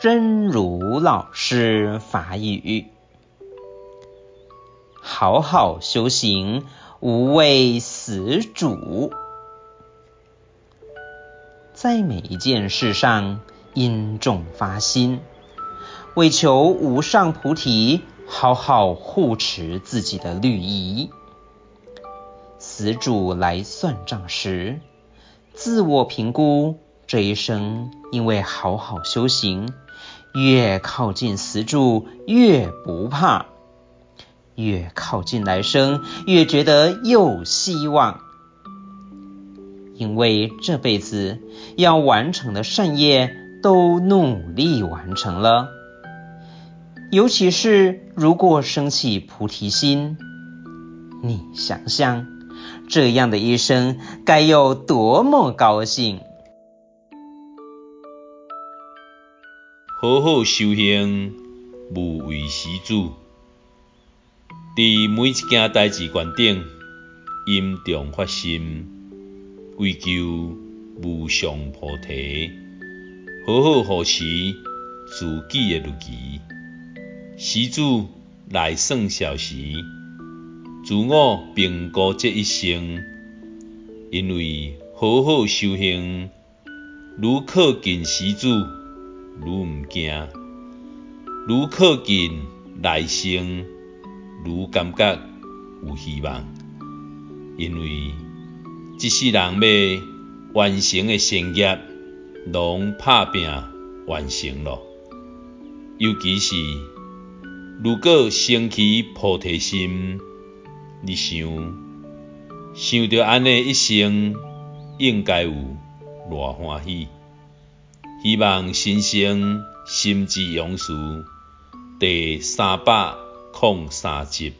真如老師法語，好好修行，無畏死主，在每一件事上殷重發心，為求無上菩提，好好護持自己的律儀。死主來算賬時，自我評估。這一生因為好好修行，越靠近死主越不怕，越靠近來生越覺得有希望。因為這輩子要完成的善業都努力完成了，尤其是如果生起菩提心，你想想，這樣的一生該有多麼高興！好好修行，無畏死主，在每一件代志關頂，殷重發心，為求無上菩提，好好護持自己的律儀。死主來算帳時，自我評估這一生，因為好好修行，愈靠近死主。越唔怕，越靠近來生，越感覺有希望。因為即世人要完成的善業，攏拍拼完成了。尤其是如果生起菩提心，你想，想到安尼一生，應該有偌歡喜！希望新生心之勇士第三百零三集。